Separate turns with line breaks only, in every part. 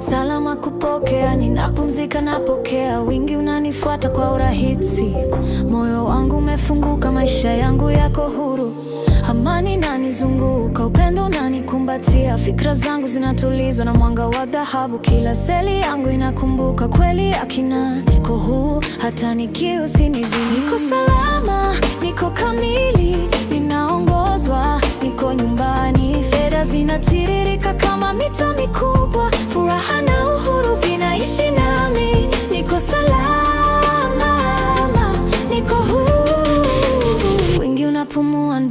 salama kupokea. Ninapumzika, napokea, wingi unanifuata kwa urahisi. Moyo wangu umefunguka, maisha yangu yako huru. Amani nanizunguka, upendo unanikumbatia, fikra zangu zinatulizwa na mwanga wa dhahabu. Kila seli yangu inakumbuka kweli akina kina huu, hata nikiwa sinizi. Niko salama, niko kamili, ninaongozwa, niko nyumbani. Fedha zinatiririka kama mito mikuu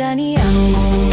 Daniel.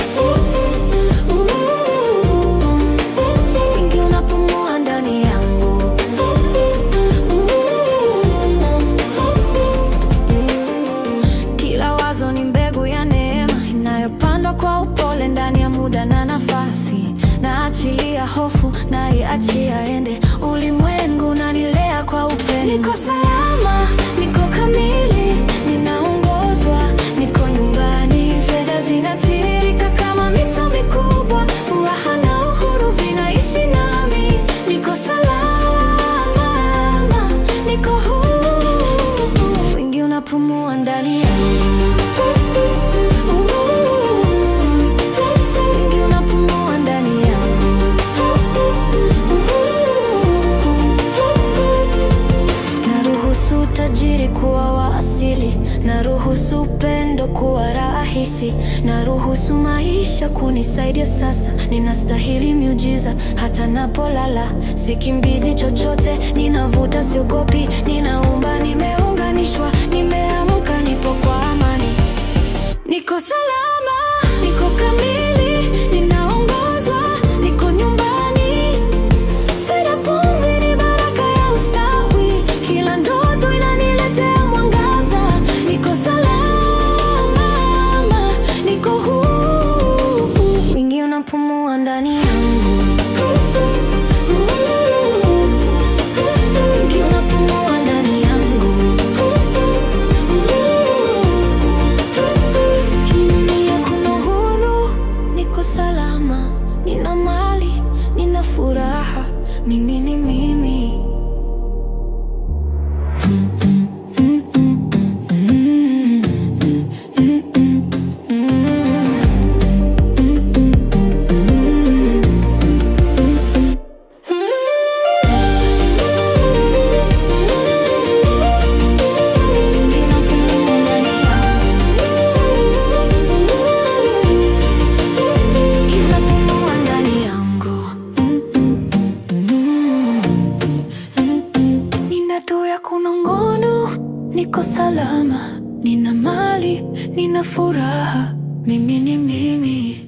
Naruhusu upendo kuwa rahisi, naruhusu maisha kunisaidia sasa. Ninastahili miujiza hata napolala, sikimbizi chochote, ninavuta, siogopi, ninaumba, nimeunganishwa, nimeamka, nipo kwa amani, niko salama. mama, nina mali, nina furaha, mimi ni mimi. niko salama, nina mali, nina furaha, mimi ni mimi.